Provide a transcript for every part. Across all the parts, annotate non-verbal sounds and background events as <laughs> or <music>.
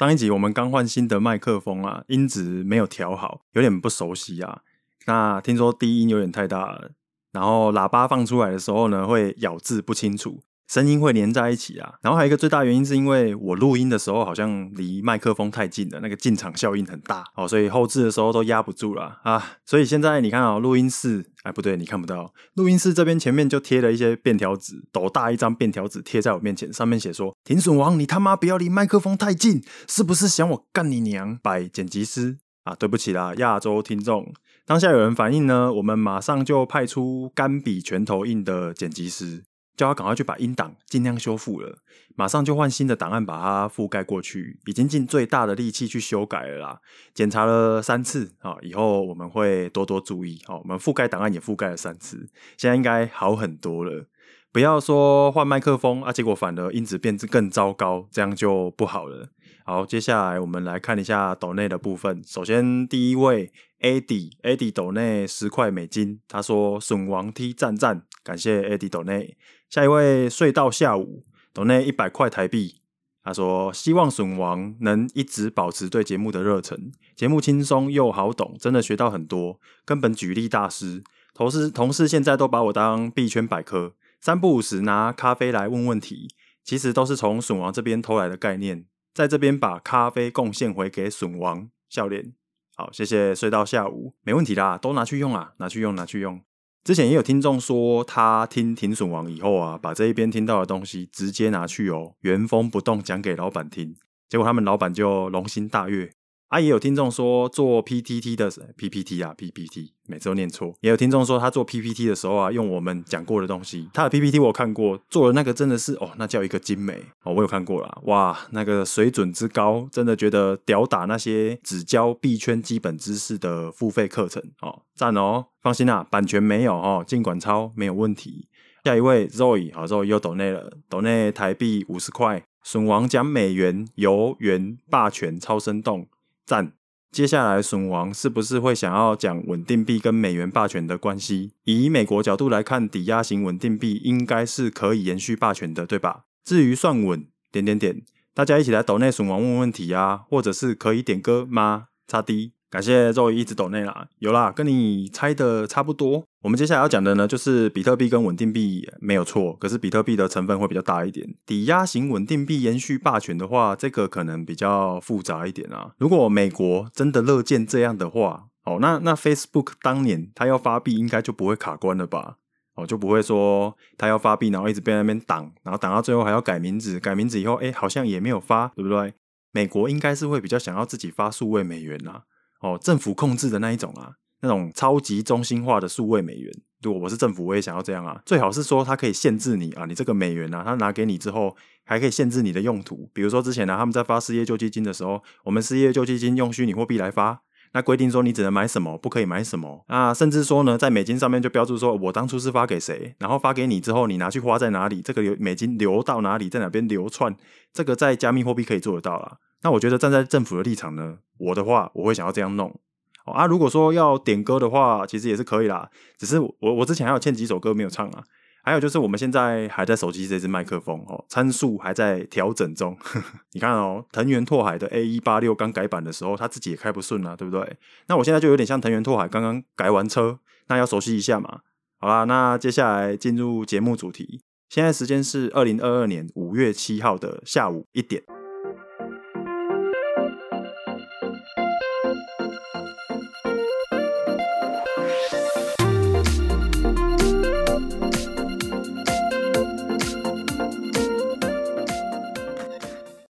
上一集我們剛換新的麥克風啊，音質沒有調好，有點不熟悉啊。那聽說低音有點太大了，然後喇叭放出來的時候呢，會咬字不清楚。聲音會連在一起啊，然後還有一個最大原因是因為我錄音的時候好像離麥克風太近了，那個近場效應很大哦，所以後製的時候都壓不住了啊，所以現在你看啊，錄音室，哎不對，你看不到，錄音室這邊前面就貼了一些便條紙，斗大一張便條紙貼在我面前，上面寫說：“停損王，你他媽不要離麥克風太近，是不是想我幹你娘？”擺剪輯師啊，對不起啦，亞洲聽眾，當下有人反映呢，我們馬上就派出干筆拳頭硬的剪輯師。就要趕快去把音檔盡量修復了，馬上就換新的檔案把它覆蓋過去。已經盡最大的力氣去修改了啦，檢查了三次啊。以後我們會多多注意。我們覆蓋檔案也覆蓋了三次，現在應該好很多了。不要說換麥克風啊，結果反而音質變得更糟糕，這樣就不好了。好，接下來我們來看一下斗內的部分。首先，第一位 Adi Adi 斗內十塊美金，他說“損王 T 讚讚”，感謝 Adi 斗內。下一位睡到下午，斗內一百塊台幣。他說：“希望損王能一直保持對節目的熱忱，節目輕鬆又好懂，真的學到很多。根本舉例大師，同事同事現在都把我當幣圈百科，三不五時拿咖啡來問問題，其實都是從損王這邊偷來的概念，在這邊把咖啡貢獻回給損王，笑臉。好，謝謝睡到下午，沒問題啦，都拿去用啊，拿去用，拿去用。”之前也有聽眾說，他聽停損王以後啊，把這一邊聽到的東西直接拿去哦，原封不動講給老闆聽，結果他們老板就龍心大悅。啊，也有聽眾說做 PPT 的 PPT 啊 PPT，每次都念錯。也有聽眾說他做 PPT 的時候啊，用我們講過的東西。他的 PPT 我有看過，做的那個真的是哦，那叫一個精美哦，我有看過了，哇，那個水準之高，真的覺得屌打那些只教幣圈基本知識的付費課程哦，讚哦。放心啊，版權沒有哦，儘管抄沒有問題。下一位 Zoey 啊，Zoey 斗內了斗內台幣五十塊，損王講美元、歐元霸權，超生動。讚，接下來損王是不是會想要講穩定幣跟美元霸權的關係？以美國角度來看，抵押型穩定幣應該是可以延續霸權的，對吧？至於算穩點點點，大家一起來斗內損王問問題啊，或者是可以點歌嗎？插低。感謝周瑜一直抖內啦，有啦，跟你猜的差不多。我們接下來要講的呢，就是比特幣跟穩定幣沒有錯，可是比特幣的成分會比較大一點。抵押型穩定幣延續霸權的話，這個可能比較複雜一點啊。如果美國真的樂見這樣的話，哦，那那 Facebook 當年他要發幣，應該就不會卡關了吧？哦，就不會說他要發幣，然後一直被那邊擋，然後擋到最後還要改名字，改名字以後，哎，好像也沒有發，對不對？美國應該是會比較想要自己發數位美元吶啊。哦，政府控制的那一種啊，那種超級中心化的數位美元。如果我是政府，我也想要這樣啊。最好是說它可以限制你啊，你這個美元吶、啊，它拿給你之後還可以限制你的用途。比如說之前呢、啊，他們在發失業救濟金的時候，我們失業救濟金用虛擬貨幣來發，那規定說你只能買什麼，不可以買什麼啊。那甚至說呢，在美金上面就標註說，我當初是發給誰，然後發給你之後，你拿去花在哪裡，這個美金流到哪裡，在哪邊流竄，這個在加密貨幣可以做得到啊。那我覺得站在政府的立場呢，我的話我會想要這樣弄，哦、啊。如果說要點歌的話，其實也是可以啦。只是我我之前還有欠幾首歌沒有唱啊。還有就是我們現在還在熟悉這支麥克風哦，參數還在調整中呵呵。你看哦，藤原拓海的 AE86 剛改版的時候，他自己也開不順啦，對不對？那我現在就有點像藤原拓海剛剛改完車，那要熟悉一下嘛。好啦，那接下來進入節目主題。現在時間是二零二二年五月七號的下午一點。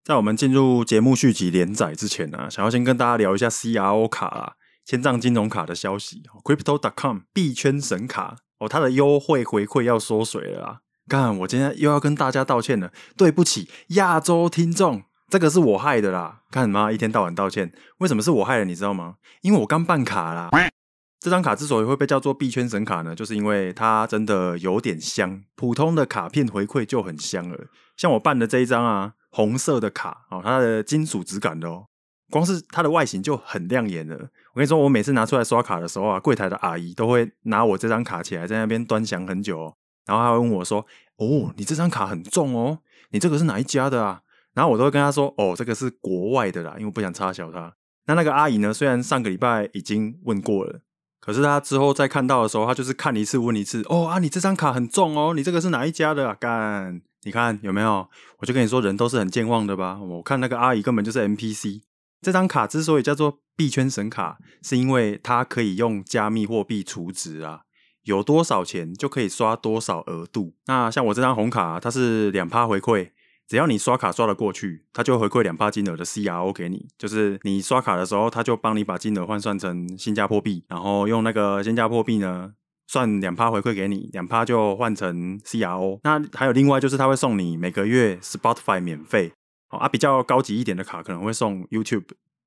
在我們進入節目續集連載之前呢、啊，想要先跟大家聊一下 CRO 卡啊，簽帳金融卡的消息。Crypto.com 幣圈神卡哦，它的優惠回饋要縮水了啊！看我今天又要跟大家道歉了，對不起，亞洲聽眾，這個是我害的啦！幹什麼一天到晚道歉，為什麼是我害的？你知道嗎？因為我剛辦卡啦。嗯、這張卡之所以會被叫做幣圈神卡呢，就是因為它真的有點香，普通的卡片回饋就很香了。像我辦的這一張啊。紅色的卡哦，它的金屬質感的哦，光是它的外形就很亮眼了。我跟你說，我每次拿出來刷卡的時候啊，櫃檯的阿姨都會拿我這張卡起來在那邊端詳很久，哦，然後她會問我說：“哦，你這張卡很重哦，你這個是哪一家的啊？”然後我都會跟她說：“哦，這個是國外的啦，因為我不想插小她。”那那個阿姨呢，雖然上個禮拜已經問過了，可是她之後再看到的時候，她就是看一次問一次：“哦啊，你這張卡很重哦，你這個是哪一家的啊？”幹。你看有沒有？我就跟你說，人都是很健忘的吧。我看那個阿姨根本就是 NPC。這張卡之所以叫做幣圈神卡，是因為它可以用加密貨幣儲值啊，有多少錢就可以刷多少額度。那像我這張紅卡啊，它是兩趴回饋，只要你刷卡刷得過去，它就回饋兩趴金額的 CRO 給你，就是你刷卡的時候，它就幫你把金額換算成新加坡幣，然後用那個新加坡幣呢，算兩趴回饋給你，兩趴就換成 CRO。那還有另外就是他會送你每個月 Spotify 免費，好啊，比較高級一點的卡可能會送 YouTube，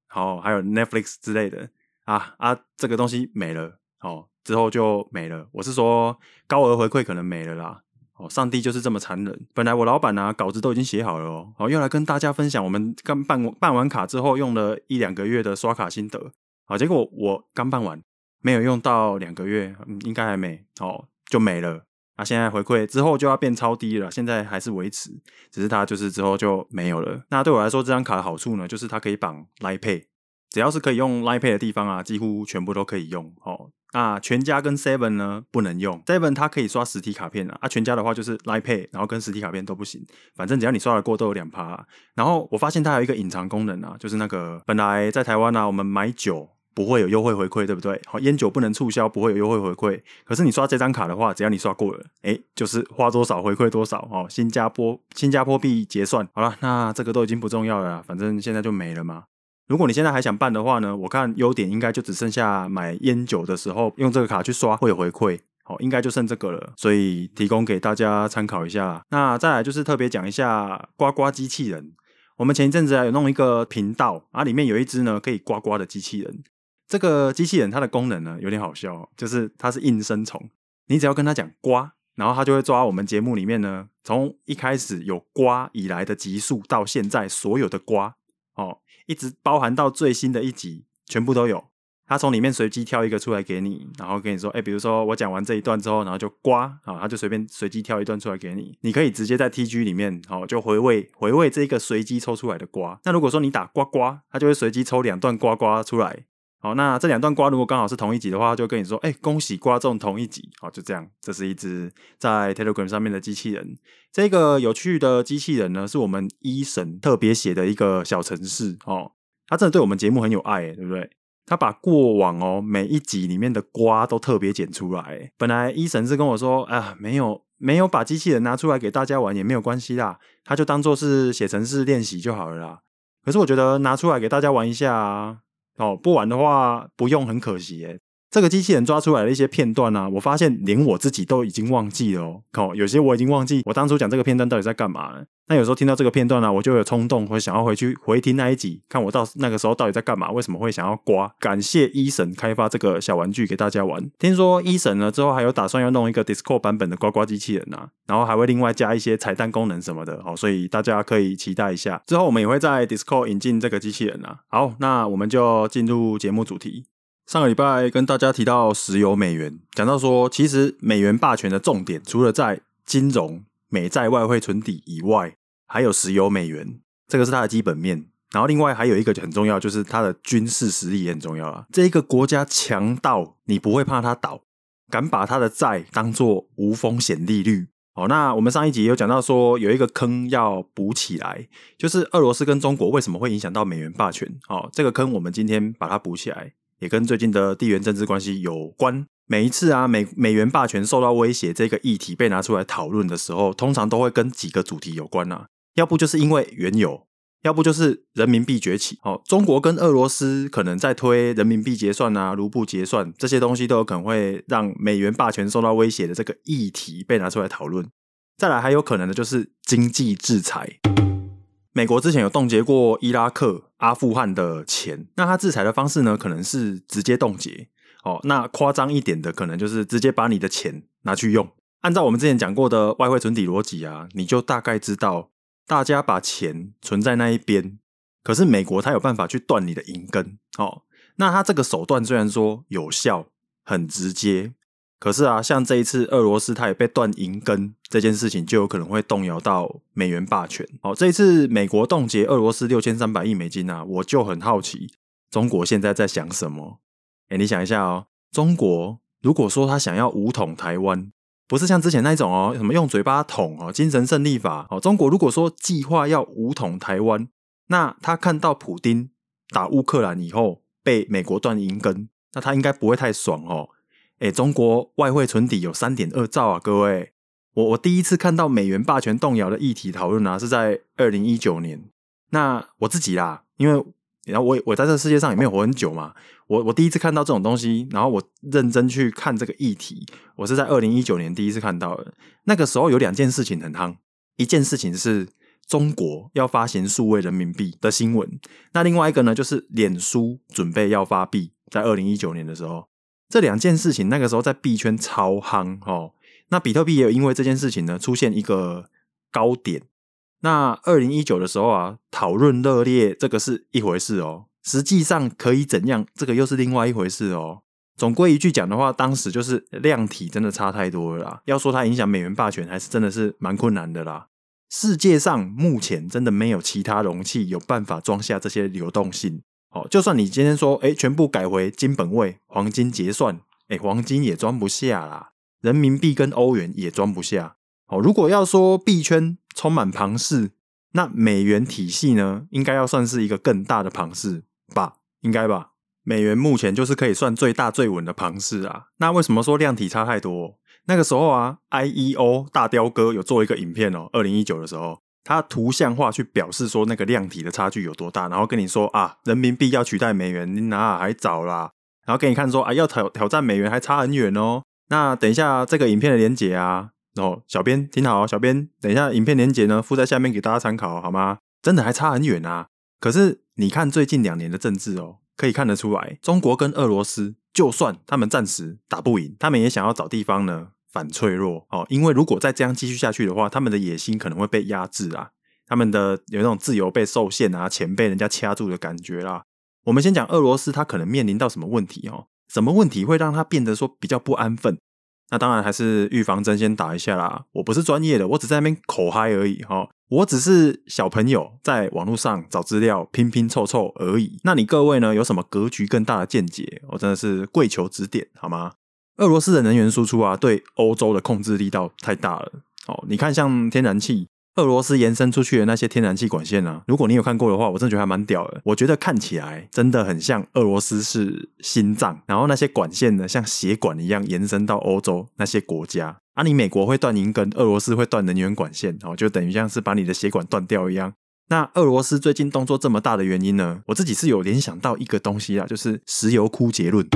好，還有 Netflix 之類的啊啊，這個東西沒了，好，之後就沒了。我是說高額回饋可能沒了啦，哦，上帝就是這麼殘忍。本來我老板啊稿子都已經寫好了哦，好，要來跟大家分享我們剛辦完辦完卡之後用了一兩個月的刷卡心得，好，結果我剛辦完。沒有用到兩個月，嗯、應該還沒哦，就沒了。那、啊、現在回饋之後就要變超低了，現在還是維持，只是它就是之後就沒有了。那對我來說，這張卡的好處呢，就是它可以綁 Line Pay，只要是可以用 Line Pay 的地方啊，幾乎全部都可以用哦。那全家跟 Seven 呢，不能用，Seven 它可以刷實體卡片啊，啊全家的話就是 Line Pay，然後跟實體卡片都不行。反正只要你刷得過，都有兩趴、啊。然後我發現它有一個隱藏功能啊，就是那個本來在台灣啊，我們買酒。不會有優惠回饋，對不對？好、哦，菸酒不能促銷，不會有優惠回饋。可是你刷這張卡的話，只要你刷過了，哎，就是花多少回饋多少，哦，新加坡新加坡幣結算。好了，那這個都已經不重要了啦，反正現在就沒了嘛。如果你現在還想辦的話呢，我看優點應該就只剩下買菸酒的時候用這個卡去刷會有回饋，好、哦，應該就剩這個了。所以提供給大家參考一下。那再來就是特別講一下呱呱機器人。我們前一陣子啊有弄一個頻道啊，裡面有一只呢可以呱呱的機器人。這個機器人它的功能呢有點好笑、哦，就是它是應聲蟲，你只要跟他講呱，然後它就會抓我們節目裡面呢，從一開始有呱以來的集數到現在所有的呱哦，一直包含到最新的一集，全部都有。它從裡面隨機挑一個出來給你，然後跟你說，哎，比如說我講完這一段之後，然後就呱啊、哦，它就隨便隨機挑一段出來給你，你可以直接在 TG 裡面哦，就回味回味這一個隨機抽出來的呱。那如果說你打呱呱，它就會隨機抽兩段呱呱出來。好，那這兩段瓜如果剛好是同一集的話，就跟你說，誒、欸、恭喜瓜眾，同一集，好，就這樣。這是一隻在 Telegram 上面的機器人。這個有趣的機器人呢，是我們一、e、神特別寫的一個小程式，哦，他真的對我們節目很有愛，對不對？他把過往哦每一集裡面的瓜都特別剪出來。本來一、e、神是跟我說，啊、呃，沒有沒有把機器人拿出來給大家玩也沒有關係啦，他就當做是寫程式練習就好了啦。可是我覺得拿出來給大家玩一下啊。哦，不玩的話不用，很可惜耶。這個機器人抓出來的一些片段啊，我發現連我自己都已經忘記了哦。好、哦，有些我已經忘記我當初講這個片段到底在幹嘛了。那有時候聽到這個片段呢、啊，我就會有衝動會想要回去回聽那一集，看我到那個時候到底在幹嘛，為什麼會想要呱？感謝 Eason 開發這個小玩具給大家玩。聽說 Eason 呢之後還有打算要弄一個 Discord 版本的呱呱機器人啊，然後還會另外加一些彩蛋功能什麼的。好、哦，所以大家可以期待一下。之後我們也會在 Discord 引進這個機器人啊。好，那我們就進入節目主題。上個禮拜跟大家提到石油美元，講到說，其實美元霸權的重點，除了在金融、美債、外匯存底以外，還有石油美元，這個是它的基本面。然後另外還有一個很重要，就是它的軍事實力也很重要啊。這一個國家強到你不會怕它倒，敢把它的債當作無風險利率。好、哦，那我們上一集也有講到說，有一個坑要補起來，就是俄羅斯跟中國為什麼會影響到美元霸權？好、哦，這個坑我們今天把它補起來。也跟最近的地緣政治關係有關。每一次啊，美美元霸權受到威脅這個議題被拿出來討論的時候，通常都會跟幾個主題有關啊。要不就是因為原油，要不就是人民幣崛起。哦，中國跟俄羅斯可能在推人民幣結算啊、盧布結算這些東西，都有可能會讓美元霸權受到威脅的這個議題被拿出來討論。再來還有可能的就是經濟制裁。美國之前有凍結過伊拉克、阿富汗的錢，那他制裁的方式呢？可能是直接凍結，哦，那誇張一點的，可能就是直接把你的錢拿去用。按照我們之前講過的外匯存底邏輯啊，你就大概知道，大家把錢存在那一邊，可是美國它有辦法去斷你的銀根，哦，那它這個手段雖然說有效，很直接。可是啊，像這一次俄羅斯它也被斷銀根這件事情，就有可能會動搖到美元霸權。好，哦，這一次美國凍結俄羅斯六千三百億美金啊，我就很好奇，中國現在在想什麼？哎，你想一下哦，中國如果說他想要武統台灣，不是像之前那種哦，什麼用嘴巴捅哦，精神勝利法哦，中國如果說計劃要武統台灣，那他看到普丁打烏克蘭以後被美國斷銀根，那他應該不會太爽哦。誒、欸，中國外匯存底有三點二兆啊！各位，我我第一次看到美元霸權動搖的議題討論呢，是在二零一九年。那我自己啦，因為然後我我在這世界上也沒有活很久嘛，我我第一次看到這種東西，然後我認真去看這個議題，我是在二零一九年第一次看到的。那個時候有兩件事情很夯，一件事情是中國要發行數位人民幣的新聞，那另外一個呢，就是臉書準備要發幣，在二零一九年的時候。這兩件事情，那個時候在幣圈超夯哦。那比特幣也有因為這件事情呢，出現一個高點。那二零一九的時候啊，討論熱烈，這個是一回事哦。實際上可以怎樣，這個又是另外一回事哦。總歸一句講的話，當時就是量體真的差太多了啦。要說它影響美元霸權，還是真的是蠻困難的啦。世界上目前真的沒有其他容器有辦法裝下這些流動性。哦，就算你今天說，誒，全部改回金本位，黃金結算，誒，黃金也裝不下啦，人民幣跟歐元也裝不下。哦，如果要說幣圈充滿龐氏，那美元體系呢，應該要算是一個更大的龐氏吧，應該吧？美元目前就是可以算最大最穩的龐氏啊。那為什麼說量體差太多？那個時候啊，IEO 大雕哥有做一個影片哦，二零一九的時候。他圖像化去表示說那個量體的差距有多大，然後跟你說啊，人民幣要取代美元，你哪還早啦？然後給你看說啊，要挑挑戰美元還差很遠哦。那等一下這個影片的連結啊，然後小編聽好，小編，好、哦、小編，等一下影片連結呢，附在下面給大家參考、哦、好嗎？真的還差很遠啊。可是你看最近兩年的政治哦，可以看得出來，中國跟俄羅斯就算他們暫時打不贏，他們也想要找地方呢。反脆弱哦，因為如果再這樣繼續下去的話，他們的野心可能會被壓制啊，他們的有那種自由被受限啊，錢被人家掐住的感覺啦。我們先講俄羅斯，他可能面臨到什麼問題哦？什麼問題會讓他變得說比較不安分？那當然還是預防針先打一下啦。我不是專業的，我只在那邊口嗨而已哈、哦，我只是小朋友在網絡上找資料拼拼湊湊，而已。那你各位呢，有什麼格局更大的見解？我真的是跪求指點好嗎？俄羅斯的能源輸出啊，對歐洲的控制力道太大了。哦，你看像天然氣，俄羅斯延伸出去的那些天然氣管線啊，如果你有看過的話，我真的覺得還蠻屌的。我覺得看起來真的很像俄羅斯是心臟，然後那些管線呢，像血管一樣延伸到歐洲那些國家。啊，你美國會斷銀根，俄羅斯會斷能源管線，哦，就等於像是把你的血管斷掉一樣。那俄羅斯最近動作這麼大的原因呢，我自己是有聯想到一個東西啦，就是石油枯竭論。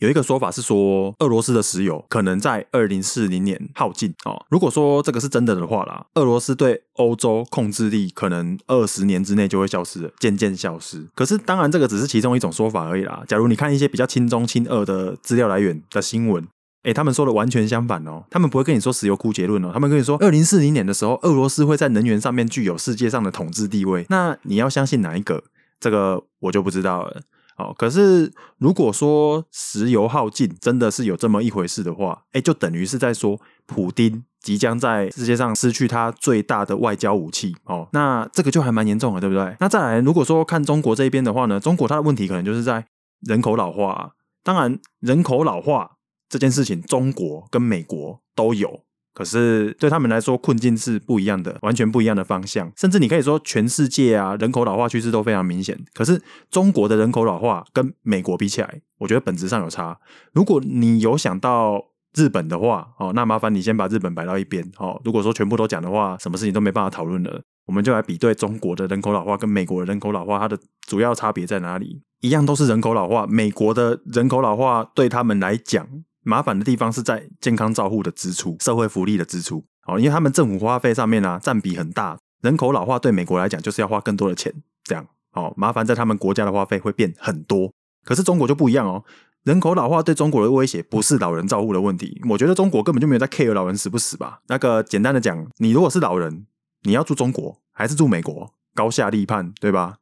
有一個說法是說，俄羅斯的石油可能在二零四零年耗盡哦。如果說這個是真的的話啦，俄羅斯對歐洲控制力可能二十年之內就會消失，漸漸消失。可是當然，這個只是其中一種說法而已啦。假如你看一些比較親中親俄的資料來源的新聞、欸，誒他們說的完全相反哦。他們不會跟你說石油枯竭論哦，他們跟你說二零四零年的時候，俄羅斯會在能源上面具有世界上的統治地位。那你要相信哪一個？這個我就不知道了。哦，可是如果說石油耗盡真的是有這麼一回事的話，哎，就等於是在說普丁即將在世界上失去他最大的外交武器。哦，那這個就還蠻嚴重的，對不對？那再來，如果說看中國這邊的話呢，中國它的問題可能就是在人口老化啊。當然，人口老化這件事情，中國跟美國都有。可是對他們來說，困境是不一樣的，完全不一樣的方向。甚至你可以說，全世界啊，人口老化趨勢都非常明顯。可是中國的人口老化跟美國比起來，我覺得本質上有差。如果你有想到日本的話，哦，那麻煩你先把日本擺到一邊，哦。如果說全部都講的話，什麼事情都沒辦法討論了。我們就來比對中國的人口老化跟美國的人口老化，它的主要差別在哪裡？一樣都是人口老化，美國的人口老化對他們來講。麻煩的地方是在健康照護的支出、社會福利的支出，哦，因為他們政府花費上面呢，啊，佔比很大。人口老化對美國來講就是要花更多的錢，這樣，哦，麻煩在他們國家的花費會變很多。可是中國就不一樣哦，人口老化對中國的威脅不是老人照護的問題。我覺得中國根本就沒有在 care 老人死不死吧？那個簡單的講，你如果是老人，你要住中國還是住美國，高下立判，對吧？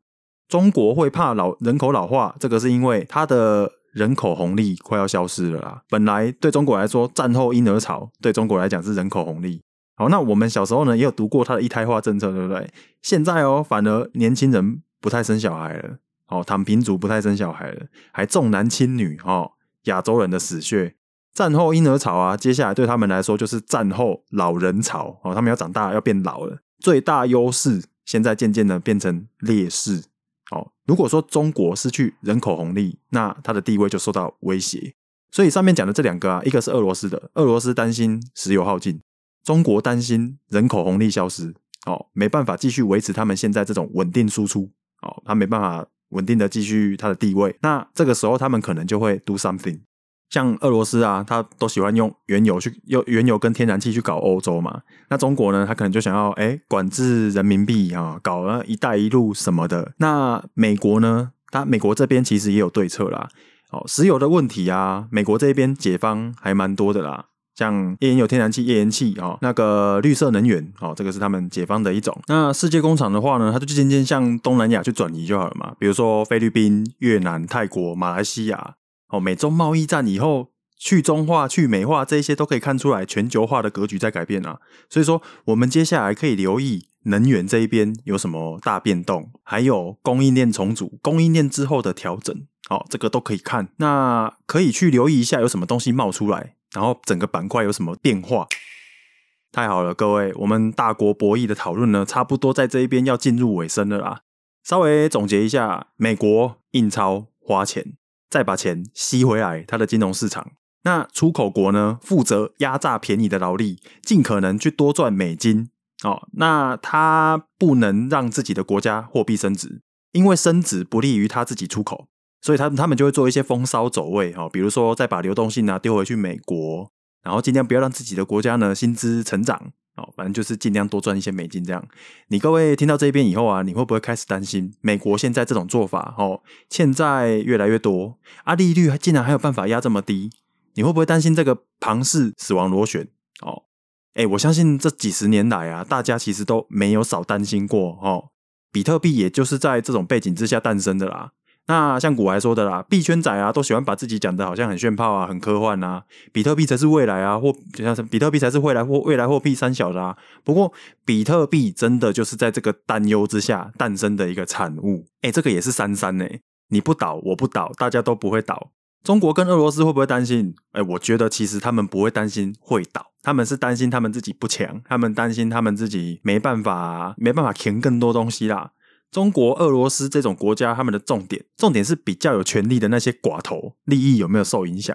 中國會怕老人口老化，這個是因為它的。人口紅利快要消失了啦！本來對中國來說，戰後嬰兒潮對中國來講是人口紅利。好，那我們小時候呢也有讀過他的一胎化政策，對不對？現在哦，反而年輕人不太生小孩了，哦，躺平族不太生小孩了，還重男輕女，哦，亞洲人的死穴。戰後嬰兒潮啊，接下來對他們來說就是戰後老人潮，哦，他們要長大，要變老了。最大優勢現在漸漸的變成劣勢。如果說中國失去人口紅利，那它的地位就受到威脅。所以上面講的這兩個啊，一個是俄羅斯的，俄羅斯擔心石油耗盡，中國擔心人口紅利消失，哦，沒辦法繼續維持他們現在這種穩定輸出，哦，他沒辦法穩定的繼續他的地位。那這個時候他們可能就會 do something。像俄羅斯啊，他都喜歡用原油去用原油跟天然氣去搞歐洲嘛。那中國呢，他可能就想要誒、欸、管制人民幣啊、哦，搞一帶一路什麼的。那美國呢，它美國這邊其實也有對策啦。哦，石油的問題啊，美國這邊解方還蠻多的啦。像頁岩油、天然氣、頁岩氣啊、哦，那個綠色能源哦，這個是他們解方的一種。那世界工廠的話呢，它就漸漸向東南亞去轉移就好了嘛。比如說菲律賓、越南、泰國、馬來西亞。哦，美中貿易戰以後，去中化、去美化，這一些都可以看出來全球化的格局在改變啦、啊。所以說，我們接下來可以留意能源這一邊有什麼大變動，還有供應鏈重組、供應鏈之後的調整，哦，這個都可以看。那可以去留意一下有什麼東西冒出來，然後整個板塊有什麼變化。太好了，各位，我們大國博弈的討論呢，差不多在這一邊要進入尾聲了啦。稍微總結一下，美國印鈔花錢。再把錢吸回來，它的金融市場。那出口國呢，負責壓榨便宜的勞力，盡可能去多賺美金哦，那它不能讓自己的國家貨幣升值，因為升值不利於它自己出口，所以它他，他們就會做一些風騷走位哦，比如說再把流動性呢、啊、丟回去美國，然後盡量不要讓自己的國家呢薪資成長。哦，反正就是盡量多賺一些美金，這樣。你各位聽到這邊以後啊，你會不會開始擔心美國現在這種做法？哦，欠債越來越多，啊，利率竟然還有辦法壓這麼低，你會不會擔心這個龐氏死亡螺旋？哦，誒、欸、我相信這幾十年來啊，大家其實都沒有少擔心過。哦，比特幣也就是在這種背景之下誕生的啦。那像古來說的啦，幣圈仔啊，都喜歡把自己講得好像很炫炮啊，很科幻啊。比特幣才是未來啊，或比特幣才是未來貨未來幣三小的啊。不過比特幣真的就是在這個擔憂之下誕生的一個產物。誒、欸、這個也是三三誒、欸，你不倒我不倒，大家都不會倒。中國跟俄羅斯會不會擔心？誒、欸、我覺得其實他們不會擔心會倒，他們是擔心他們自己不強，他們擔心他們自己沒辦法、啊、沒辦法填更多東西啦。中國、俄羅斯這種國家，他們的重點，重點是比較有權利的那些寡頭利益有沒有受影響？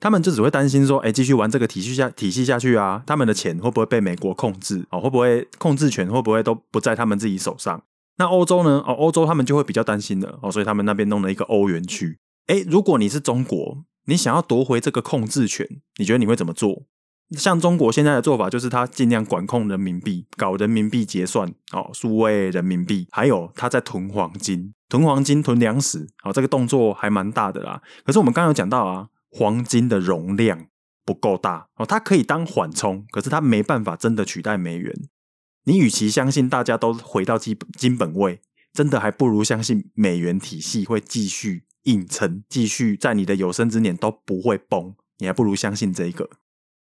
他們就只會擔心說，哎，繼續玩這個體系下體系下去啊，他們的錢會不會被美國控制啊、哦？會不會控制權會不會都不在他們自己手上？那歐洲呢？哦，歐洲他們就會比較擔心了哦，所以他們那邊弄了一個歐元區。哎，如果你是中國，你想要奪回這個控制權，你覺得你會怎麼做？像中國現在的做法，就是他儘量管控人民幣，搞人民幣結算，哦，數位人民幣，還有他在囤黃金、囤黃金、囤糧食，哦，這個動作還蠻大的啦。可是我們剛剛有講到啊，黃金的容量不夠大，哦，它可以當緩衝，可是它沒辦法真的取代美元。你與其相信大家都回到基本金本位，真的還不如相信美元體系會繼續硬撐，繼續在你的有生之年都不會崩，你還不如相信這一個。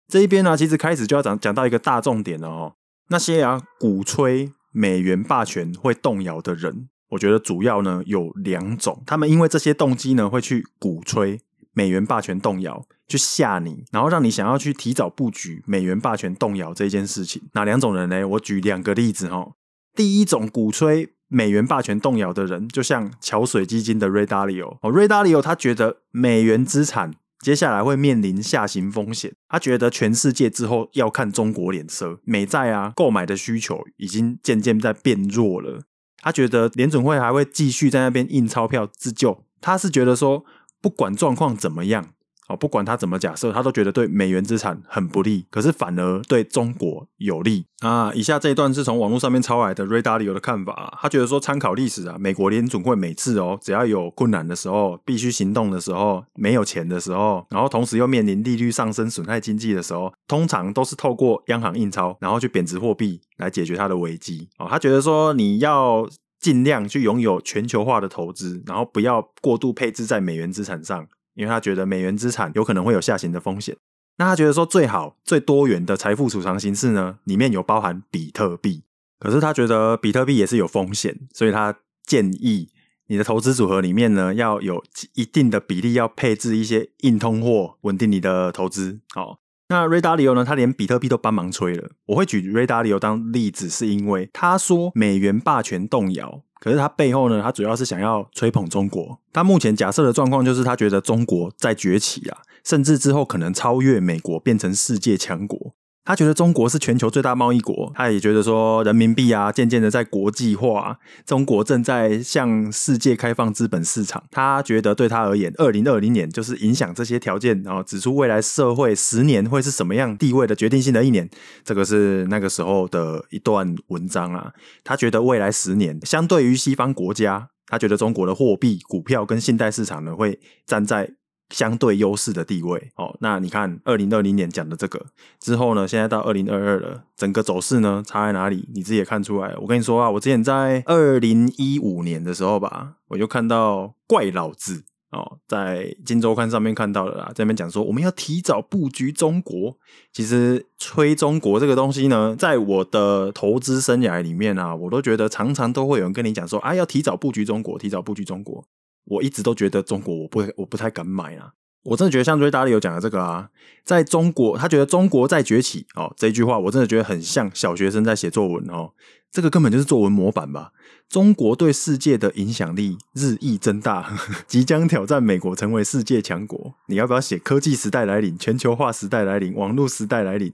這一邊呢、啊，其實開始就要講講到一個大重點了哦。那些啊鼓吹美元霸權會動搖的人，我覺得主要呢有兩種，他們因為這些動機呢，會去鼓吹美元霸權動搖，去嚇你，然後讓你想要去提早布局美元霸權動搖這件事情。哪兩種人呢？我舉兩個例子哈、哦。第一種鼓吹美元霸權動搖的人，就像橋水基金的瑞達利歐哦，瑞達利歐他覺得美元資產。接下來會面臨下行風險。他覺得全世界之後要看中國臉色，美債啊購買的需求已經漸漸在變弱了。他覺得聯準會還會繼續在那邊印鈔票自救。他是覺得說，不管狀況怎麼樣。哦，不管他怎麼假設，他都覺得對美元資產很不利，可是反而對中國有利啊。以下這一段是從網絡上面抄來的瑞達利歐的看法，他覺得說，參考歷史啊，美國聯準會每次哦，只要有困難的時候，必須行動的時候，沒有錢的時候，然後同時又面臨利率上升損害經濟的時候，通常都是透過央行印鈔，然後去貶值貨幣來解決它的危機。哦，他覺得說，你要盡量去擁有全球化的投資，然後不要過度配置在美元資產上。因為他覺得美元資產有可能會有下行的風險，那他覺得說最好最多元的財富儲藏形式呢，裡面有包含比特幣。可是他覺得比特幣也是有風險，所以他建議你的投資組合裡面呢，要有一定的比例要配置一些硬通貨，穩定你的投資。哦，那瑞達利歐呢，他連比特幣都幫忙吹了。我會舉瑞達利歐當例子，是因為他說美元霸權動搖。可是他背後呢，他主要是想要吹捧中國。他目前假設的狀況就是，他覺得中國在崛起啊，甚至之後可能超越美國，變成世界強國。他覺得中國是全球最大貿易國，他也覺得說人民幣啊，漸漸的在國際化，中國正在向世界開放資本市場。他覺得對他而言，二零二零年就是影響這些條件，然後指出未來社會十年會是什麼樣地位的決定性的一年。這個是那個時候的一段文章啊。他覺得未來十年相對於西方國家，他覺得中國的貨幣、股票跟信貸市場呢，會站在相對優勢的地位哦，那你看二零二零年講的這個之後呢，現在到二零二二了，整個走勢呢差在哪裡？你自己也看出來。我跟你說啊，我之前在二零一五年的時候吧，我就看到怪老子哦，在今周刊上面看到了啦，這邊講說我們要提早布局中國。其實吹中國這個東西呢，在我的投資生涯裡面啊，我都覺得常常都會有人跟你講說啊，要提早布局中國，提早布局中國。我一直都覺得中國，我不我不太敢買啊！我真的覺得像瑞達利有講的這個啊，在中國，他覺得中國在崛起哦，這句話我真的覺得很像小學生在寫作文哦，這個根本就是作文模板吧？中國對世界的影響力日益增大，即將挑戰美國成為世界強國，你要不要寫科技時代來臨、全球化時代來臨、網絡時代來臨？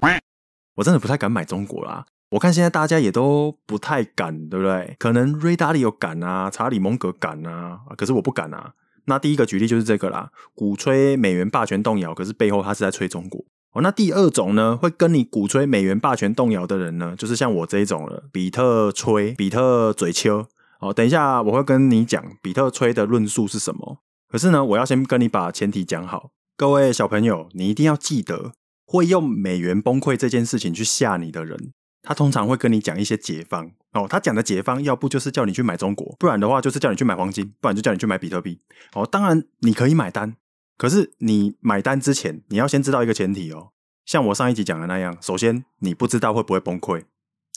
我真的不太敢買中國啦。我看現在大家也都不太敢，對不對？可能瑞達利歐敢啊，查理芒格敢啊，啊，可是我不敢啊。那第一個舉例就是這個啦，鼓吹美元霸權動搖，可是背後他是在吹中國。哦，那第二種呢，會跟你鼓吹美元霸權動搖的人呢，就是像我這一種了，比特吹，比特嘴丘。哦，等一下我會跟你講比特吹的論述是什麼。可是呢，我要先跟你把前提講好，各位小朋友，你一定要記得，會用美元崩潰這件事情去嚇你的人。他通常會跟你講一些解方哦，他講的解方，要不就是叫你去買中國，不然的話就是叫你去買黃金，不然就叫你去買比特幣。哦，當然你可以買單，可是你買單之前，你要先知道一個前提哦。像我上一集講的那樣，首先你不知道會不會崩潰，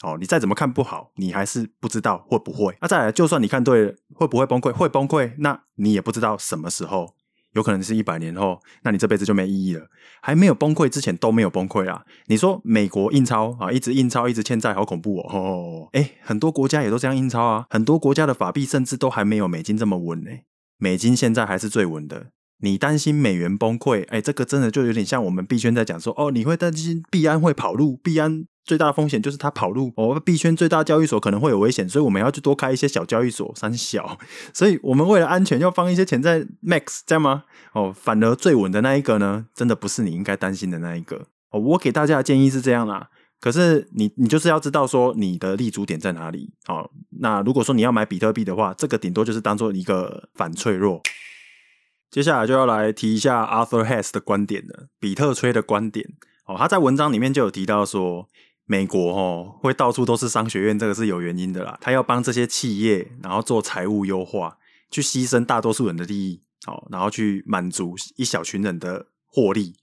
哦，你再怎麼看不好，你還是不知道會不會。那、啊、再來，就算你看對了，會不會崩潰？會崩潰，那你也不知道什麼時候。有可能是一百年後，那你這輩子就沒意義了。還沒有崩潰之前都沒有崩潰啦。你說美國印鈔啊，一直印鈔一直欠債，好恐怖哦。哦哦哦，誒很多國家也都這樣印鈔啊，很多國家的法幣甚至都還沒有美金這麼穩呢，欸。美金現在還是最穩的。你擔心美元崩潰？誒，這個真的就有點像我們幣圈在講說哦，你會擔心幣安會跑路，幣安。最大的風險就是他跑路哦，幣圈最大交易所可能會有危險，所以我們要去多開一些小交易所，三小。所以我們為了安全，要放一些錢在 Max，這樣嗎？哦，反而最穩的那一個呢，真的不是你應該擔心的那一個哦。我給大家的建議是這樣啦，可是你你就是要知道說你的立足點在哪裡哦。那如果說你要買比特幣的話，這個頂多就是當做一個反脆弱。接下來就要來提一下 Arthur Hayes 的觀點了，比特吹的觀點哦，他在文章裡面就有提到說。美國齁、哦、會到處都是商學院，這個是有原因的啦。他要幫這些企業，然後做財務優化，去犧牲大多數人的利益，好，然後去滿足一小群人的獲利。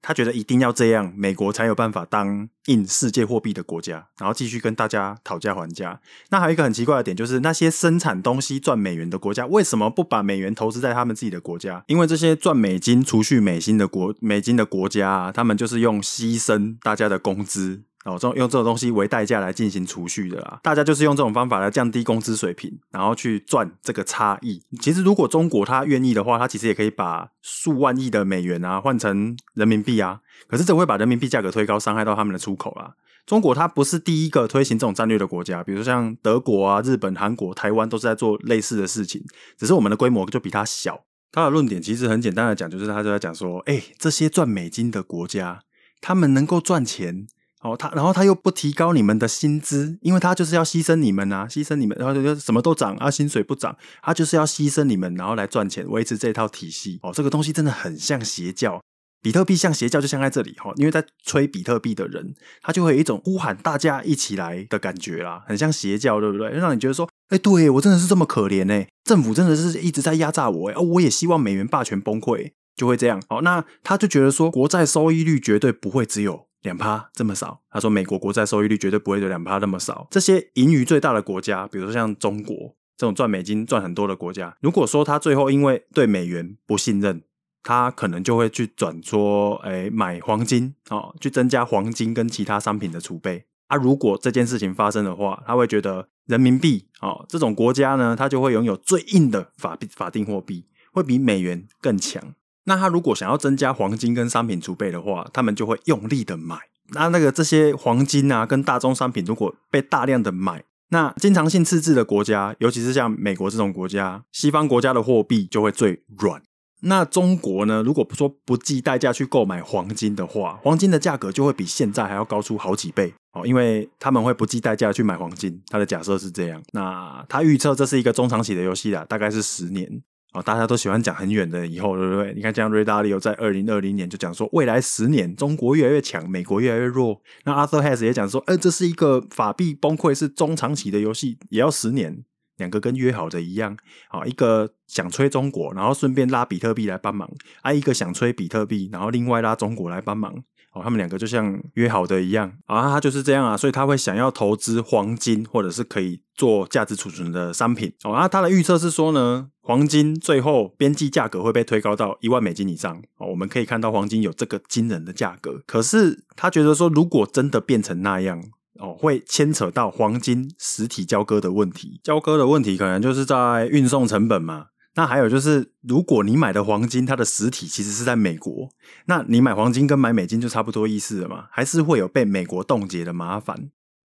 他覺得一定要這樣，美國才有辦法當印世界貨幣的國家，然後繼續跟大家討價還價。那還有一個很奇怪的點，就是那些生產東西賺美元的國家，為什麼不把美元投資在他們自己的國家？因為這些賺美金、除去美金的國、美金的國家，他們就是用犧牲大家的工資。哦，這種用這種東西為代價來進行儲蓄的啦，大家就是用這種方法來降低工資水平，然後去賺這個差異。其實如果中國他願意的話，他其實也可以把數萬億的美元啊換成人民幣啊，可是這會把人民幣價格推高，傷害到他們的出口啦。中國它不是第一個推行這種戰略的國家，比如像德國啊、日本、韓國、台灣都是在做類似的事情，只是我們的規模就比它小。他的論點其實很簡單的講，就是他就在講說，哎，這些賺美金的國家，他們能夠賺錢。哦，他然後他又不提高你們的薪資，因為他就是要犧牲你們啊，犧牲你們，然後就什麼都漲啊，薪水不漲，他、啊、就是要犧牲你們，然後來賺錢維持這套體系。哦，這個東西真的很像邪教，比特幣像邪教就像在這裡哈、哦，因為在吹比特幣的人，他就會有一種呼喊大家一起來的感覺啦，很像邪教，對不對？讓你覺得說，哎、欸，對我真的是這麼可憐呢、欸，政府真的是一直在壓榨我啊、欸哦，我也希望美元霸權崩潰、欸，就會這樣。好、哦，那他就覺得說，國債收益率絕對不會只有。兩趴這麼少，他說美國國債收益率絕對不會有兩趴那麼少。這些盈餘最大的國家，比如說像中國這種賺美金賺很多的國家，如果說他最後因為對美元不信任，他可能就會去轉說哎買黃金，哦，去增加黃金跟其他商品的儲備。啊，如果這件事情發生的話，他會覺得人民幣哦這種國家呢，他就會擁有最硬的法幣法定貨幣，會比美元更強。那他如果想要增加黃金跟商品儲備的話，他們就會用力的買。那那個這些黃金啊，跟大宗商品如果被大量的買，那經常性赤字的國家，尤其是像美國這種國家，西方國家的貨幣就會最軟。那中國呢，如果不說不計代價去購買黃金的話，黃金的價格就會比現在還要高出好幾倍哦，因為他們會不計代價去買黃金。他的假設是這樣，那他預測這是一個中長期的遊戲啦，大概是十年。啊，大家都喜歡講很遠的以後，對不對？你看，像瑞達利歐在二零二零年就講說，未來十年中國越來越強，美國越來越弱。那 Arthur Hayes 也講說，呃、欸，這是一個法幣崩潰是中長期的遊戲，也要十年。兩個跟約好的一樣，啊，一個想吹中國，然後順便拉比特幣來幫忙，啊，一個想吹比特幣，然後另外拉中國來幫忙。哦，他們兩個就像約好的一樣啊，他就是這樣啊，所以他會想要投資黃金，或者是可以做價值儲存的商品哦。啊，他的預測是說呢，黃金最後邊際價格會被推高到一萬美金以上哦。我們可以看到黃金有這個驚人的價格，可是他覺得說，如果真的變成那樣哦，會牽扯到黃金實體交割的問題，交割的問題可能就是在運送成本嘛。那還有就是，如果你買的黃金，它的實體其實是在美國，那你買黃金跟買美金就差不多意思了嘛，還是會有被美國凍結的麻煩。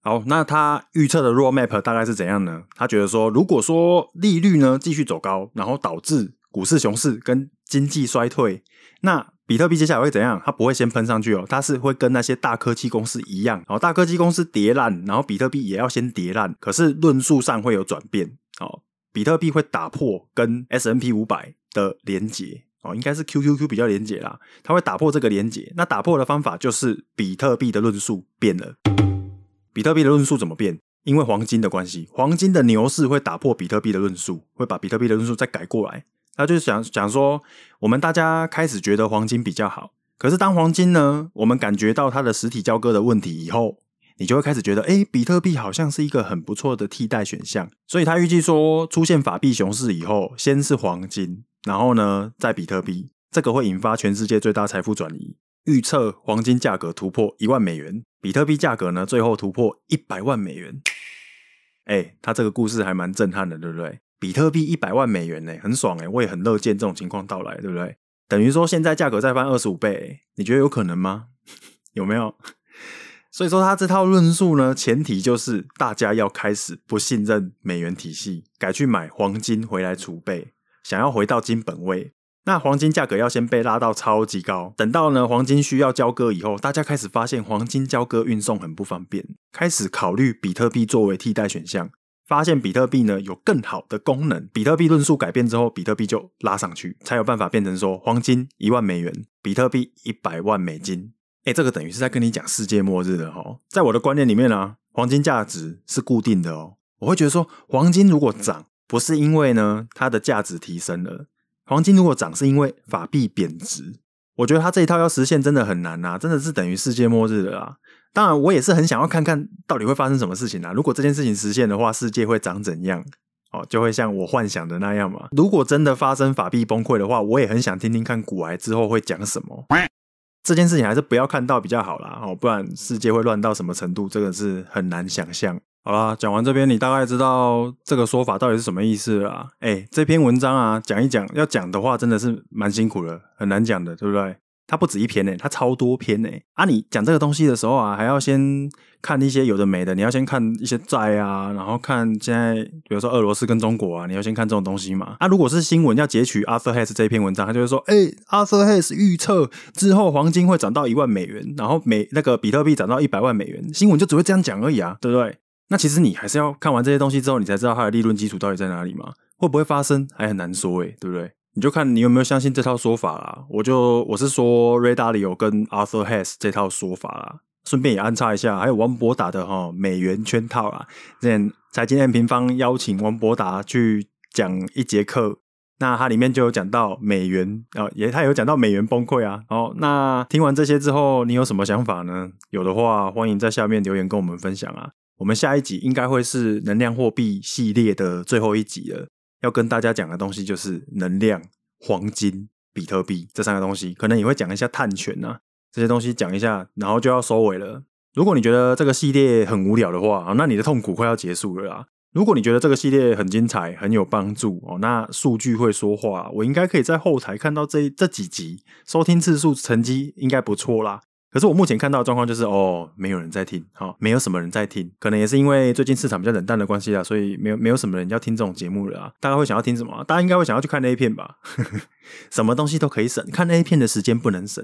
好，那他預測的 roadmap 大概是怎樣呢？他覺得說，如果說利率呢繼續走高，然後導致股市熊市跟經濟衰退，那比特幣接下來會怎樣？它不會先噴上去哦，它是會跟那些大科技公司一樣，哦，大科技公司跌爛，然後比特幣也要先跌爛，可是論述上會有轉變。好。比特幣會打破跟 S&P 500的連接哦，應該是 Q Q Q 比較連接啦。它會打破這個連接，那打破的方法就是比特幣的論述變了。比特幣的論述怎麼變？因為黃金的關係，黃金的牛市會打破比特幣的論述，會把比特幣的論述，的論述再改過來。他就是想想說，我們大家開始覺得黃金比較好，可是當黃金呢，我們感覺到它的實體交割的問題以後。你就會開始覺得，哎、欸，比特幣好像是一個很不錯的替代選項。所以他預計說，出現法幣熊市以後，先是黃金，然後呢，再比特幣，這個會引發全世界最大財富轉移。預測黃金價格突破一萬美元，比特幣價格呢，最後突破一百萬美元。哎、欸，他這個故事還蠻震撼的，對不對？比特幣一百萬美元呢、欸，很爽哎、欸，我也很樂見這種情況到來，對不對？等於說現在價格再翻二十五倍、欸，你覺得有可能嗎？ <laughs> 有沒有？所以說他這套論述呢，前提就是大家要開始不信任美元體系，改去買黃金回來儲備，想要回到金本位。那黃金價格要先被拉到超級高，等到呢黃金需要交割以後，大家開始發現黃金交割運送很不方便，開始考慮比特幣作為替代選項。發現比特幣呢有更好的功能，比特幣論述改變之後，比特幣就拉上去，才有辦法變成說黃金一萬美元，比特幣一百萬美金。誒，這個等於是在跟你講世界末日的哦，在我的觀念裡面啊，黃金價值是固定的哦。我會覺得說，黃金如果漲，不是因為呢它的價值提升了，黃金如果漲，是因為法幣貶值。我覺得它這一套要實現真的很難吶、啊，真的是等於世界末日了啊。當然，我也是很想要看看到底會發生什麼事情啊。如果這件事情實現的話，世界會長怎樣？哦，就會像我幻想的那樣嘛。如果真的發生法幣崩潰的話，我也很想聽聽看古癌之後會講什麼。這件事情還是不要看到比較好啦，哦，不然世界會亂到什麼程度，這個是很難想象。好啦，講完這邊，你大概知道這個說法到底是什麼意思了。誒，這篇文章啊，講一講要講的話，真的是蠻辛苦的，很難講的，對不對？它不止一篇呢，它超多篇呢。啊，你講這個東西的時候啊，還要先看一些有的沒的，你要先看一些債啊，然後看現在，比如說俄羅斯跟中國啊，你要先看這種東西嘛。啊，如果是新聞要截取 Arthur Hayes 這篇文章，他就會說，哎、欸，Arthur Hayes 預測之後黃金會漲到一萬美元，然後美那個比特幣漲到一百萬美元，新聞就只會這樣講而已啊，對不對？那其實你還是要看完這些東西之後，你才知道它的利潤基礎到底在哪裡嘛，會不會發生還很難說誒，對不對？你就看你有沒有相信這套說法啦。我就我是說 Ray Dalio 跟 Arthur Hess 這套說法啦。順便也安插一下，還有王博達的哈、哦、美元圈套啦。之前財經 M 平方邀請王博達去講一節課，那他裡面就有講到美元啊、哦，也他也有講到美元崩潰啊。哦，那聽完這些之後，你有什麼想法呢？有的話，歡迎在下面留言跟我們分享啊。我們下一集應該會是能量貨幣系列的最後一集了。要跟大家講的東西就是能量、黃金、比特幣這三個東西，可能也會講一下碳權啊這些東西，講一下，然後就要收尾了。如果你覺得這個系列很無聊的話，那你的痛苦快要結束了啦。如果你覺得這個系列很精彩、很有幫助哦，那數據會說話，我應該可以在後台看到這這幾集收聽次數成績應該不錯啦。可是我目前看到的狀況就是，哦，沒有人在聽，好、哦，沒有什麼人在聽，可能也是因為最近市場比較冷淡的關係啊，所以沒有沒有什麼人要聽這種節目了、啊。大家會想要聽什麼？大家應該會想要去看 A 片吧？ <laughs> 什麼東西都可以省，看 A 片的時間不能省。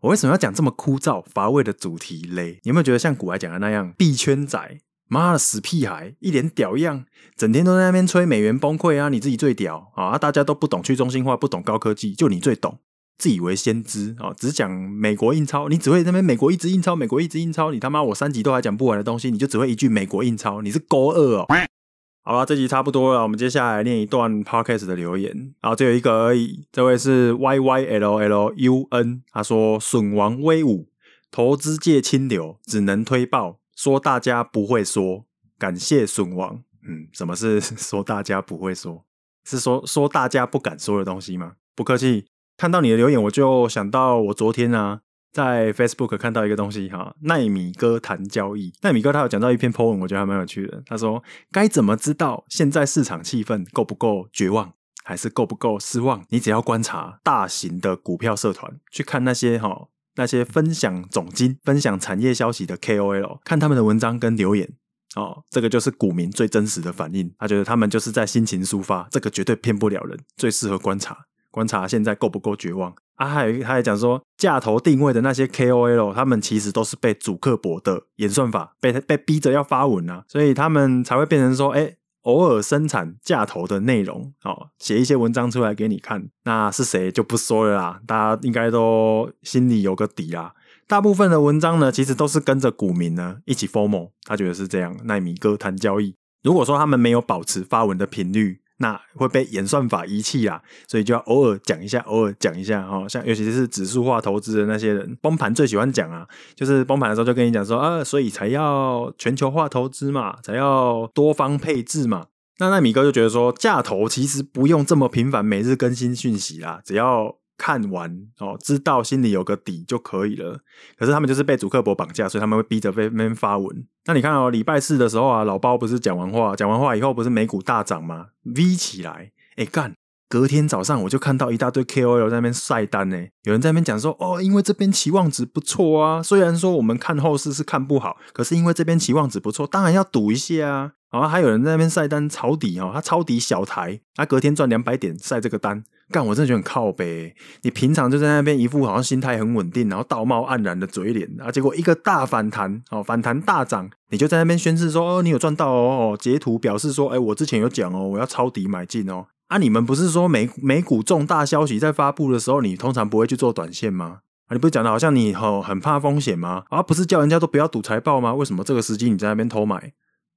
我為什麼要講這麼枯燥乏味的主題嘞？你有沒有覺得像股癌講的那樣，幣圈仔，媽的死屁孩，一臉屌樣，整天都在那邊吹美元崩潰啊，你自己最屌、哦、啊，大家都不懂去中心化，不懂高科技，就你最懂。自以為先知、哦、只講美國印鈔，你只會那邊美國一直印鈔，美國一直印鈔，你他媽我三集都還講不完的東西，你就只會一句美國印鈔，你是高二哦。喂好了，這集差不多了，我們接下來念一段 podcast 的留言啊，這、哦、有一個而已，這位是 YYLLUN，他說損王威武，投資界清流，只能推爆，說大家不會說，感謝損王。嗯，什麼是說大家不會說？是說說大家不敢說的東西嗎？不客氣。看到你的留言，我就想到我昨天呢、啊，在 Facebook 看到一個東西哈，奈米哥談交易。奈米哥他有講到一篇 po 文，我覺得還蠻有趣的。他說，該怎麼知道現在市場氣氛夠不夠絕望，還是夠不夠失望？你只要觀察大型的股票社團，去看那些哈、哦、那些分享總經、分享產業消息的 KOL，看他們的文章跟留言，哦，這個就是股民最真實的反應。他覺得他們就是在心情抒發，這個絕對騙不了人，最適合觀察。觀察現在夠不夠絕望啊？還有他還講說，架頭定位的那些 KOL，他們其實都是被主客博的演算法被被逼着要發文吶、啊，所以他們才會變成說，哎，偶爾生產架頭的內容哦，寫一些文章出來給你看。那是誰就不說了啦，大家應該都心裡有個底啦。大部分的文章呢，其實都是跟着股民呢一起 formal 他覺得是這樣。奈米哥談交易，如果說他們沒有保持發文的頻率。那會被演算法遺棄啦，所以就要偶爾講一下，偶爾講一下哈、哦，像尤其是指數化投資的那些人崩盤最喜歡講啊，就是崩盤的時候就跟你講說啊，所以才要全球化投資嘛，才要多方配置嘛。那奈米哥就覺得說，價投其實不用這麼頻繁每日更新訊息啦，只要。看完哦，知道心裡有個底就可以了。可是他們就是被祖克伯綁架，所以他們會逼着在那邊發文。那你看哦，禮拜四的時候啊，老包不是講完話，講完話以後不是美股大漲嗎？V 起來，誒，幹！隔天早上我就看到一大堆 KOL 在那邊曬單呢。有人在那邊講說，哦，因為這邊期望值不錯啊，雖然說我們看後市是看不好，可是因為這邊期望值不錯，當然要賭一下啊。然、哦、後還有人在那邊曬單抄底哦，他抄底小台，他、啊、隔天賺兩百點曬這個單。幹，我真的覺得很靠北、欸。你平常就在那邊一副好像心態很穩定，然後道貌岸然的嘴臉啊，結果一個大反彈哦，反彈大漲，你就在那邊宣示說哦，你有賺到哦，截圖表示說，誒、欸，我之前有講哦，我要抄底買進哦。啊，你們不是說美、美股重大消息在發布的時候，你通常不會去做短線嗎？啊，你不是講的好像你很、哦、很怕風險嗎？啊，不是叫人家都不要賭財報嗎？為什麼這個時機你在那邊偷買？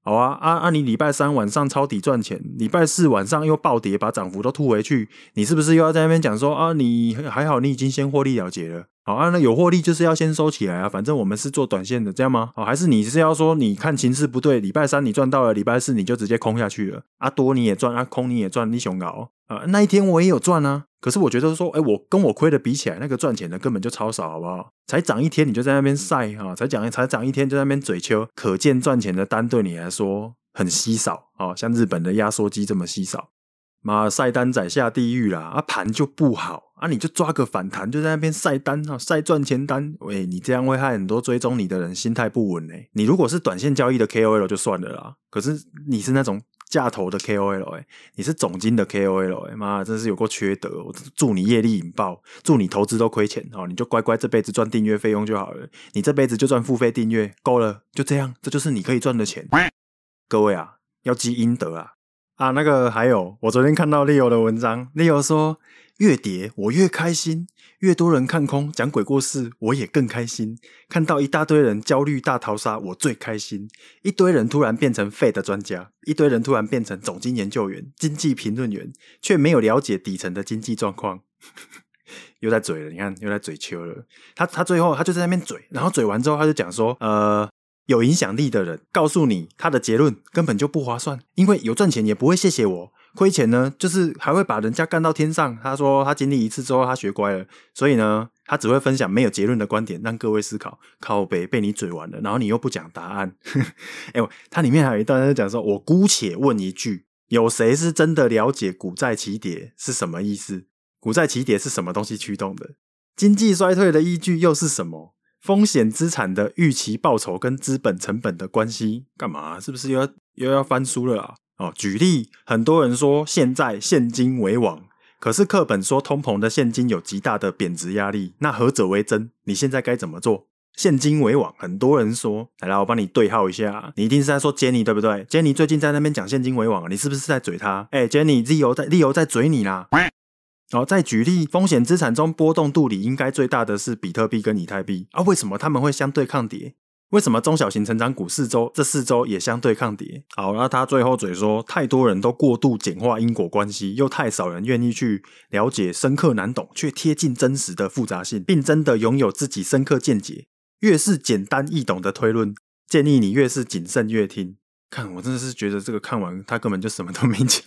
好啊，啊啊，你禮拜三晚上抄底賺錢，禮拜四晚上又暴跌，把漲幅都吐回去，你是不是又要在那邊講說啊，你還好，你已經先獲利了結了。好啊，那有獲利就是要先收起來啊，反正我們是做短線的，這樣嗎？好、啊，還是你是要說你看形勢不對，禮拜三你賺到了，禮拜四你就直接空下去了，啊多你也賺，啊空你也賺，你熊搞啊，那一天我也有賺啊，可是我覺得說，哎、欸，我跟我虧的比起來，那個賺錢的根本就超少，好不好？才漲一天你就在那邊曬啊，才漲才漲一天就在那邊嘴秋，可見賺錢的單對你來說很稀少啊，像日本的壓縮機這麼稀少。媽，曬單仔下地獄啦！啊盤就不好啊，你就抓個反彈，就在那邊曬單啊，曬、哦、賺錢單。喂、欸，你這樣會害很多追蹤你的人心態不穩呢。你如果是短線交易的 KOL 就算了啦，可是你是那種價投的 KOL 誒，你是總經的 KOL 誒，媽，真是有夠缺德、哦！祝你業力引爆，祝你投資都虧錢哦！你就乖乖這輩子賺訂閱費用就好了，你這輩子就賺付費訂閱夠了，就這樣，這就是你可以賺的錢。喂各位啊，要積陰德啊！啊，那個還有，我昨天看到 Leo 的文章，Leo 說越跌我越開心，越多人看空講鬼故事，我也更開心。看到一大堆人焦慮大逃殺，我最開心。一堆人突然變成廢的專家，一堆人突然變成總經研究員、經濟評論員，卻沒有了解底層的經濟狀況。 <laughs> 又在嘴了，你看又在嘴秋了。他他最後他就在那邊嘴，然後嘴完之後他就講說呃。有影響力的人告訴你他的結論根本就不划算，因為有賺錢也不會謝謝我，虧錢呢就是還會把人家幹到天上。他說他經歷一次之後他學乖了，所以呢他只會分享沒有結論的觀點，讓各位思考。靠北被你嘴完了，然後你又不講答案。哎、 <laughs> 欸，他裡面還有一段在講說，我姑且問一句，有誰是真的了解股債齊跌是什麼意思？股債齊跌是什麼東西驅動的？經濟衰退的依據又是什麼？風險資產的預期報酬跟資本成本的關係，幹嘛？是不是又要又要翻書了啊？哦，舉例，很多人說現在現金為王，可是課本說通膨的現金有極大的貶值壓力，那何者為真？你現在該怎麼做？現金為王，很多人說，來，來，我幫你對號一下，你一定是在說傑尼對不對？傑尼最近在那邊講現金為王，你是不是在嘴他？哎，傑尼，Leo 在 Leo 在嘴你啦。喂好，再、哦、舉例，風險資產中波動度裡應該最大的是比特幣跟以太幣。啊，為什麼他們會相對抗跌？為什麼中小型成長股四周這四周也相對抗跌？好，那、啊、他最後嘴說，太多人都過度簡化因果關係，又太少人願意去了解深刻難懂卻貼近真實的複雜性，並真的擁有自己深刻見解。越是簡單易懂的推論，建議你越是謹慎越聽。看，我真的是覺得這個看完他根本就什麼都沒講。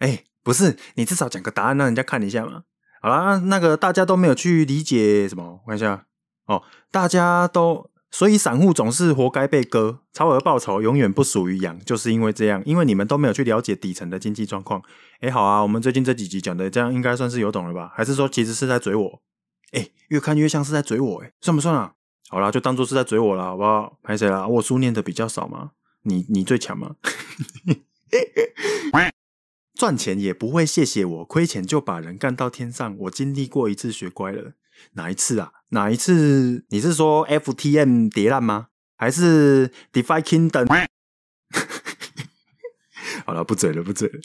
哎、 <laughs> 欸。不是，你至少講個答案，讓人家看一下嘛。好啦，那個大家都沒有去理解什麼，我看一下哦。大家都，所以散戶總是活該被割，超額報酬永遠不屬於羊，就是因為這樣，因為你們都沒有去了解底層的經濟狀況。哎，好啊，我們最近這幾集講的，這樣應該算是有懂了吧？還是說其實是在嘴我？哎，越看越像是在嘴我，哎，算不算啊？好啦，就當做是在嘴我啦。好不好？拍謝啦。我書念的比較少嗎？你你最強嗎？ <laughs> <laughs> 賺錢也不會謝謝我，虧錢就把人幹到天上。我經歷過一次學乖了，哪一次啊？哪一次？你是說 FTM 跌爛嗎？還是 Defi Kingdom？ <laughs> 好了，不嘴了，不嘴了。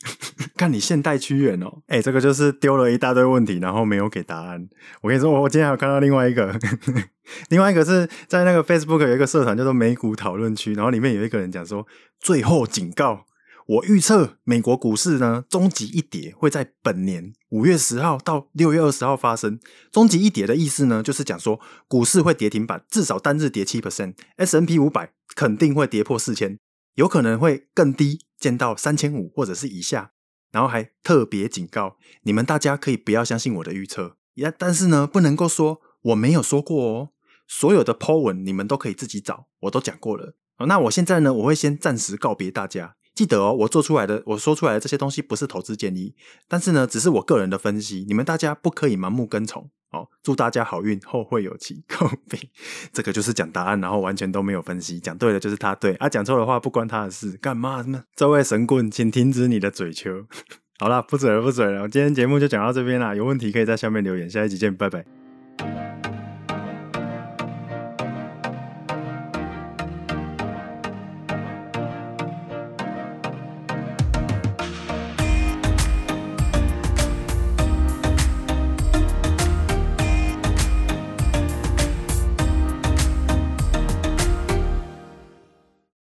看 <laughs> 你現代屈原哦。哎、欸，這個就是丟了一大堆問題，然後沒有給答案。我跟你說，我今天還有看到另外一個， <laughs> 另外一個是在那個 Facebook 有一個社團叫做美股討論區，然後裡面有一個人講說：最後警告。我預測美國股市呢，終極一跌會在本年五月十號到六月二十號發生。終極一跌的意思呢，就是講說股市會跌停板，至少單日跌七%。S N P 五百肯定會跌破四千，有可能會更低，見到三千五或者是以下。然後還特別警告你們，大家可以不要相信我的預測。也但是呢，不能夠說我沒有說過哦。所有的 po 文你們都可以自己找，我都講過了。那我現在呢，我會先暫時告別大家。記得哦，我做出來的，我說出來的這些東西不是投資建議，但是呢，只是我個人的分析，你們大家不可以盲目跟從哦。祝大家好運，後會有期。靠北，這個就是講答案，然後完全都沒有分析，講對的就是他對啊，講錯的話不關他的事，幹嘛呢？這位神棍，請停止你的嘴球。 <laughs> 好啦，不嘴了，不嘴了，我今天節目就講到這邊啦，有問題可以在下面留言，下一集見，拜拜。